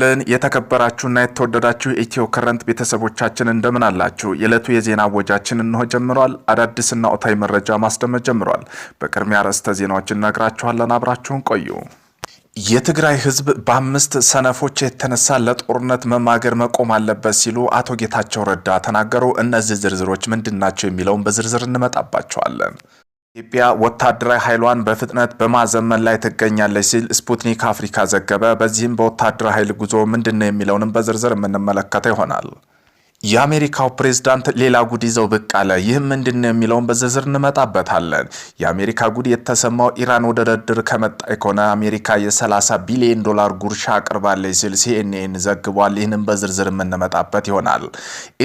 ይስጥልን የተከበራችሁና የተወደዳችሁ ኢትዮ ከረንት ቤተሰቦቻችን እንደምን አላችሁ? የዕለቱ የዜና ወጃችን እንሆ ጀምሯል። አዳዲስና ኦታዊ መረጃ ማስደመጥ ጀምሯል። በቅድሚያ ርዕሰ ዜናዎችን እነግራችኋለን። አብራችሁን ቆዩ። የትግራይ ህዝብ በአምስት ሰነፎች የተነሳ ለጦርነት መማገር መቆም አለበት ሲሉ አቶ ጌታቸው ረዳ ተናገሩ። እነዚህ ዝርዝሮች ምንድን ናቸው የሚለውን በዝርዝር እንመጣባቸዋለን። ኢትዮጵያ ወታደራዊ ኃይሏን በፍጥነት በማዘመን ላይ ትገኛለች ሲል ስፑትኒክ አፍሪካ ዘገበ። በዚህም በወታደራዊ ኃይል ጉዞ ምንድን ነው የሚለውንም በዝርዝር የምንመለከተው ይሆናል። የአሜሪካው ፕሬዝዳንት ሌላ ጉድ ይዘው ብቅ አለ። ይህም ምንድን ነው የሚለውን በዝርዝር እንመጣበታለን። የአሜሪካ ጉድ የተሰማው ኢራን ወደ ድርድር ከመጣ ከሆነ አሜሪካ የ30 ቢሊዮን ዶላር ጉርሻ አቅርባለች ሲል ሲኤንኤን ዘግቧል። ይህንም በዝርዝር የምንመጣበት ይሆናል።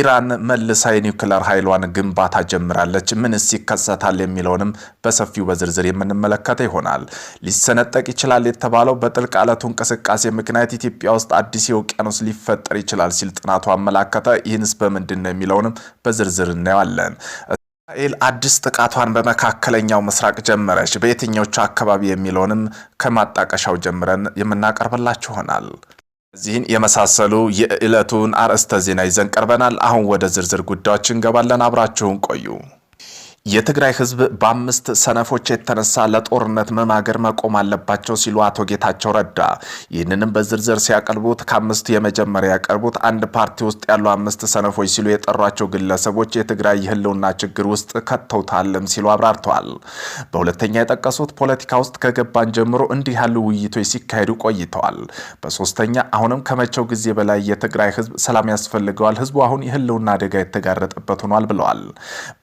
ኢራን መልሳ የኒውክለር ኃይሏን ግንባታ ጀምራለች። ምንስ ይከሰታል የሚለውንም በሰፊው በዝርዝር የምንመለከተ ይሆናል። ሊሰነጠቅ ይችላል የተባለው በጥልቅ አለቱ እንቅስቃሴ ምክንያት ኢትዮጵያ ውስጥ አዲስ የውቅያኖስ ሊፈጠር ይችላል ሲል ጥናቱ አመላከተ። ወይንስ በምንድን ነው የሚለውንም በዝርዝር እናየዋለን። እስራኤል አዲስ ጥቃቷን በመካከለኛው ምስራቅ ጀመረች። በየትኞቹ አካባቢ የሚለውንም ከማጣቀሻው ጀምረን የምናቀርብላችሁ ይሆናል። እዚህን የመሳሰሉ የዕለቱን አርዕስተ ዜና ይዘን ቀርበናል። አሁን ወደ ዝርዝር ጉዳዮች እንገባለን። አብራችሁን ቆዩ። የትግራይ ህዝብ በአምስት ሰነፎች የተነሳ ለጦርነት መማገር መቆም አለባቸው ሲሉ አቶ ጌታቸው ረዳ ይህንንም በዝርዝር ሲያቀርቡት ከአምስቱ የመጀመሪያ ያቀርቡት አንድ ፓርቲ ውስጥ ያሉ አምስት ሰነፎች ሲሉ የጠሯቸው ግለሰቦች የትግራይ የህልውና ችግር ውስጥ ከተውታልም ሲሉ አብራርተዋል። በሁለተኛ የጠቀሱት ፖለቲካ ውስጥ ከገባን ጀምሮ እንዲህ ያሉ ውይይቶች ሲካሄዱ ቆይተዋል። በሶስተኛ አሁንም ከመቼው ጊዜ በላይ የትግራይ ህዝብ ሰላም ያስፈልገዋል፣ ህዝቡ አሁን የህልውና አደጋ የተጋረጠበት ሆኗል ብለዋል።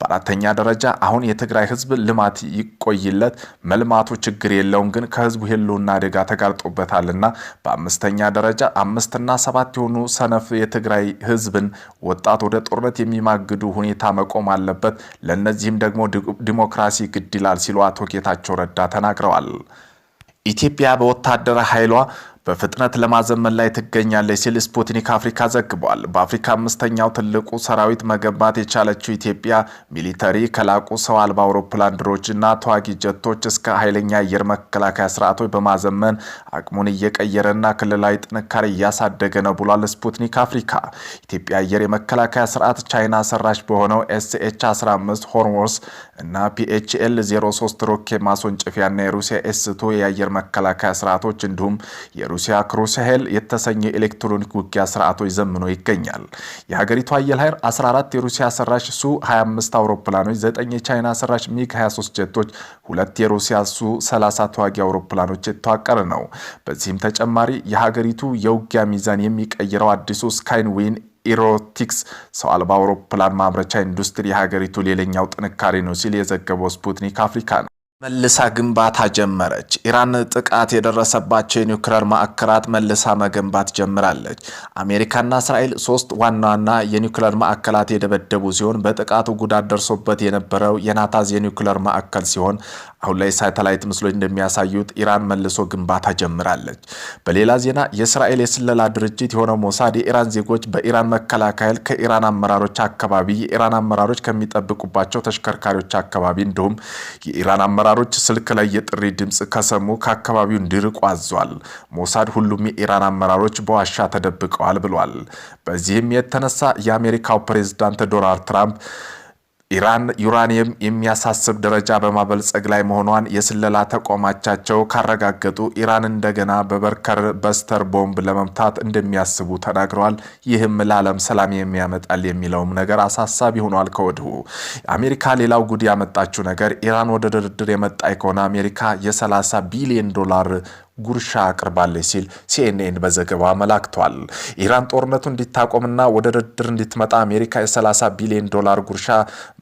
በአራተኛ ደረጃ አሁን የትግራይ ህዝብ ልማት ይቆይለት፣ መልማቱ ችግር የለውም ግን ከህዝቡ ህልውና አደጋ ተጋርጦበታልና በአምስተኛ ደረጃ አምስትና ሰባት የሆኑ ሰነፍ የትግራይ ህዝብን ወጣት ወደ ጦርነት የሚማግዱ ሁኔታ መቆም አለበት። ለእነዚህም ደግሞ ዲሞክራሲ ግድ ይላል ሲሉ አቶ ጌታቸው ረዳ ተናግረዋል። ኢትዮጵያ በወታደራዊ ኃይሏ በፍጥነት ለማዘመን ላይ ትገኛለች ሲል ስፑትኒክ አፍሪካ ዘግቧል። በአፍሪካ አምስተኛው ትልቁ ሰራዊት መገንባት የቻለችው ኢትዮጵያ ሚሊተሪ ከላቁ ሰው አልባ አውሮፕላን ድሮችና ተዋጊ ጀቶች እስከ ኃይለኛ አየር መከላከያ ስርዓቶች በማዘመን አቅሙን እየቀየረና ክልላዊ ጥንካሬ እያሳደገ ነው ብሏል ስፑትኒክ አፍሪካ። ኢትዮጵያ አየር የመከላከያ ስርዓት ቻይና ሰራሽ በሆነው ኤስኤች 15 ሆርሞስ እና ፒኤችኤል 03 ሮኬት ማስወንጨፊያና የሩሲያ ኤስ የአየር መከላከያ ስርዓቶች እንዲሁም የሩሲያ ክሩስ ሄል የተሰኘ ኤሌክትሮኒክ ውጊያ ስርዓቶች ዘምኖ ይገኛል። የሀገሪቱ አየር ኃይል 14 የሩሲያ ሰራሽ ሱ 25 አውሮፕላኖች፣ 9 የቻይና ሰራሽ ሚግ 23 ጀቶች፣ ሁለት የሩሲያ ሱ 30 ተዋጊ አውሮፕላኖች የተዋቀረ ነው። በዚህም ተጨማሪ የሀገሪቱ የውጊያ ሚዛን የሚቀይረው አዲሱ ዊን ኢሮቲክስ ሰው አልባ አውሮፕላን ማምረቻ ኢንዱስትሪ የሀገሪቱ ሌላኛው ጥንካሬ ነው ሲል የዘገበው ስፑትኒክ አፍሪካ ነው። መልሳ ግንባታ ጀመረች። ኢራን ጥቃት የደረሰባቸው የኒውክሌር ማዕከላት መልሳ መገንባት ጀምራለች። አሜሪካና እስራኤል ሶስት ዋና ዋና የኒውክሌር ማዕከላት የደበደቡ ሲሆን በጥቃቱ ጉዳት ደርሶበት የነበረው የናታዝ የኒውክሌር ማዕከል ሲሆን አሁን ላይ ሳተላይት ምስሎች እንደሚያሳዩት ኢራን መልሶ ግንባታ ጀምራለች። በሌላ ዜና የእስራኤል የስለላ ድርጅት የሆነው ሞሳድ የኢራን ዜጎች በኢራን መከላከል ከኢራን አመራሮች አካባቢ የኢራን አመራሮች ከሚጠብቁባቸው ተሽከርካሪዎች አካባቢ እንዲሁም የኢራን አመራ አመራሮች ስልክ ላይ የጥሪ ድምፅ ከሰሙ ከአካባቢው እንዲርቁ አዟል። ሞሳድ ሁሉም የኢራን አመራሮች በዋሻ ተደብቀዋል ብሏል። በዚህም የተነሳ የአሜሪካው ፕሬዝዳንት ዶናልድ ትራምፕ ኢራን ዩራኒየም የሚያሳስብ ደረጃ በማበልጸግ ላይ መሆኗን የስለላ ተቋማቻቸው ካረጋገጡ ኢራን እንደገና በበርከር በስተር ቦምብ ለመምታት እንደሚያስቡ ተናግረዋል። ይህም ለዓለም ሰላም የሚያመጣል የሚለውም ነገር አሳሳቢ ሆኗል። ከወዲሁ አሜሪካ ሌላው ጉድ ያመጣችው ነገር ኢራን ወደ ድርድር የመጣ ከሆነ አሜሪካ የ30 ቢሊዮን ዶላር ጉርሻ አቅርባለች ሲል ሲኤንኤን በዘገባ አመላክቷል። ኢራን ጦርነቱ እንዲታቆምና ወደ ድርድር እንድትመጣ አሜሪካ የ30 ቢሊዮን ዶላር ጉርሻ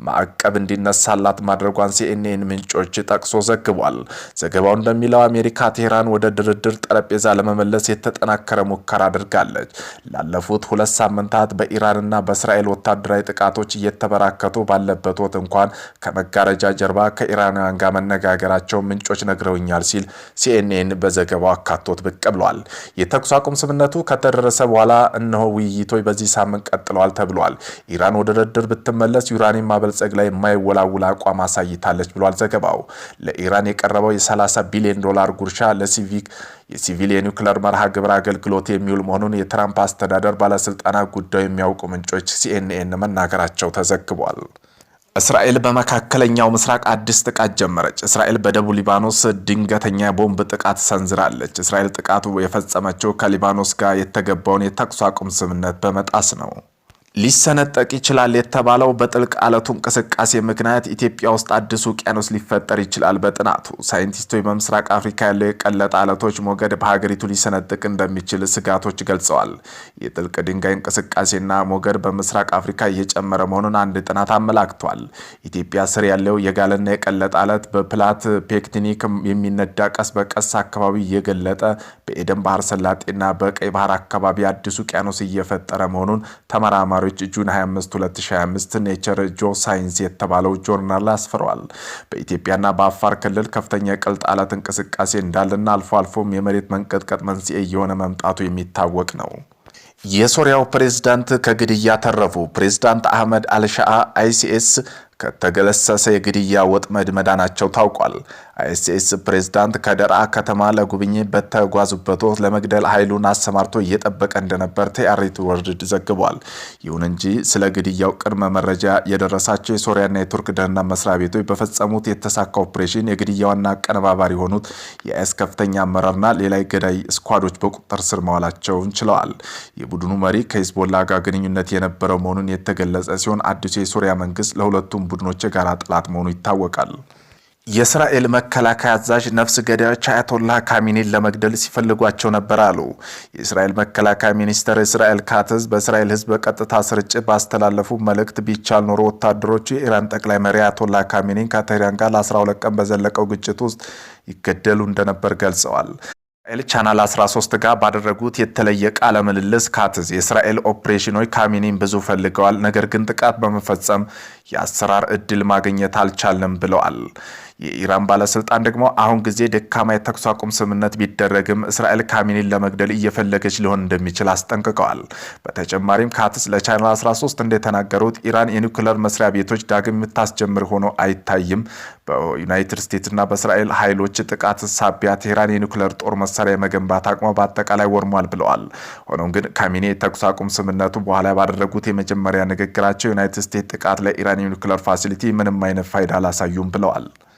ማዕቀብ እንዲነሳላት ማድረጓን ሲኤንኤን ምንጮች ጠቅሶ ዘግቧል። ዘገባው እንደሚለው አሜሪካ ቴህራን ወደ ድርድር ጠረጴዛ ለመመለስ የተጠናከረ ሙከራ አድርጋለች። ላለፉት ሁለት ሳምንታት በኢራንና በእስራኤል ወታደራዊ ጥቃቶች እየተበራከቱ ባለበት ወት እንኳን ከመጋረጃ ጀርባ ከኢራናውያን ጋር መነጋገራቸው ምንጮች ነግረውኛል ሲል ሲኤንኤን በዘ ዘገባው አካቶት ብቅ ብሏል። የተኩስ አቁም ስምነቱ ከተደረሰ በኋላ እነሆ ውይይቶች በዚህ ሳምንት ቀጥለዋል ተብሏል። ኢራን ወደ ድርድር ብትመለስ ዩራኒየም ማበልጸግ ላይ የማይወላውል አቋም አሳይታለች ብሏል ዘገባው። ለኢራን የቀረበው የ30 ቢሊዮን ዶላር ጉርሻ ለሲቪክ የሲቪል የኒውክሌር መርሃ ግብር አገልግሎት የሚውል መሆኑን የትራምፕ አስተዳደር ባለስልጣናት ጉዳዩ የሚያውቁ ምንጮች ሲኤንኤን መናገራቸው ተዘግቧል። እስራኤል በመካከለኛው ምስራቅ አዲስ ጥቃት ጀመረች። እስራኤል በደቡብ ሊባኖስ ድንገተኛ ቦምብ ጥቃት ሰንዝራለች። እስራኤል ጥቃቱ የፈጸመችው ከሊባኖስ ጋር የተገባውን የተኩስ አቁም ስምምነት በመጣስ ነው። ሊሰነጠቅ ይችላል የተባለው በጥልቅ አለቱ እንቅስቃሴ ምክንያት ኢትዮጵያ ውስጥ አዲስ ውቅያኖስ ሊፈጠር ይችላል። በጥናቱ ሳይንቲስቶች በምስራቅ አፍሪካ ያለው የቀለጠ አለቶች ሞገድ በሀገሪቱ ሊሰነጥቅ እንደሚችል ስጋቶች ገልጸዋል። የጥልቅ ድንጋይ እንቅስቃሴና ሞገድ በምስራቅ አፍሪካ እየጨመረ መሆኑን አንድ ጥናት አመላክቷል። ኢትዮጵያ ስር ያለው የጋለና የቀለጠ አለት በፕላት ፔክቲኒክ የሚነዳ ቀስ በቀስ አካባቢ እየገለጠ በኤደን ባህር ሰላጤና በቀይ ባህር አካባቢ አዲስ ውቅያኖስ እየፈጠረ መሆኑን ተመራማሪ ተመራማሪዎች ጁን 25 2025 ኔቸር ጆ ሳይንስ የተባለው ጆርናል አስፍረዋል። በኢትዮጵያና በአፋር ክልል ከፍተኛ የቀልጥ አለት እንቅስቃሴ እንዳለና አልፎ አልፎም የመሬት መንቀጥቀጥ መንስኤ እየሆነ መምጣቱ የሚታወቅ ነው። የሶሪያው ፕሬዝዳንት ከግድያ ተረፉ። ፕሬዝዳንት አህመድ አልሻአ አይሲኤስ ከተገለሰሰ የግድያ ወጥመድ መዳናቸው ታውቋል። አይሲኤስ ፕሬዝዳንት ከደርአ ከተማ ለጉብኝ በተጓዙበት ወቅት ለመግደል ኃይሉን አሰማርቶ እየጠበቀ እንደነበር ቲአሪት ወርልድ ዘግቧል። ይሁን እንጂ ስለ ግድያው ቅድመ መረጃ የደረሳቸው የሶሪያና የቱርክ ደህንነት መስሪያ ቤቶች በፈጸሙት የተሳካ ኦፕሬሽን የግድያዋና ቀነባባሪ አቀነባባሪ የሆኑት የአይስ ከፍተኛ አመራርና ሌላ ገዳይ ስኳዶች በቁጥጥር ስር መዋላቸውን ችለዋል። የቡድኑ መሪ ከሂዝቦላ ጋር ግንኙነት የነበረው መሆኑን የተገለጸ ሲሆን አዲሱ የሱሪያ መንግስት ለሁለቱም ቡድኖች የጋራ ጠላት መሆኑ ይታወቃል። የእስራኤል መከላከያ አዛዥ ነፍስ ገዳዮች አያቶላህ ካሚኒን ለመግደል ሲፈልጓቸው ነበር አሉ። የእስራኤል መከላከያ ሚኒስተር እስራኤል ካትዝ በእስራኤል ሕዝብ በቀጥታ ስርጭት ባስተላለፉ መልእክት ቢቻል ኖሮ ወታደሮቹ የኢራን ጠቅላይ መሪ አያቶላህ ካሚኒን ከቴህራን ጋር ለ12 ቀን በዘለቀው ግጭት ውስጥ ይገደሉ እንደነበር ገልጸዋል። ኤል ቻናል 13 ጋር ባደረጉት የተለየ ቃለ ምልልስ ካትዝ የእስራኤል ኦፕሬሽኖች ካሚኒን ብዙ ፈልገዋል፣ ነገር ግን ጥቃት በመፈጸም የአሰራር እድል ማግኘት አልቻለም ብለዋል። የኢራን ባለስልጣን ደግሞ አሁን ጊዜ ደካማ የተኩስ አቁም ስምምነት ቢደረግም እስራኤል ካሚኒን ለመግደል እየፈለገች ሊሆን እንደሚችል አስጠንቅቀዋል። በተጨማሪም ካትስ ለቻናል 13 እንደተናገሩት ኢራን የኒውክለር መስሪያ ቤቶች ዳግም የምታስጀምር ሆኖ አይታይም። በዩናይትድ ስቴትስና በእስራኤል ኃይሎች ጥቃት ሳቢያ ቴህራን የኒውክለር ጦር መሳሪያ የመገንባት አቅሟ በአጠቃላይ ወርሟል ብለዋል። ሆኖም ግን ካሚኔ የተኩስ አቁም ስምምነቱ በኋላ ባደረጉት የመጀመሪያ ንግግራቸው ዩናይትድ ስቴትስ ጥቃት ለኢራን የኒውክለር ፋሲሊቲ ምንም አይነት ፋይዳ አላሳዩም ብለዋል።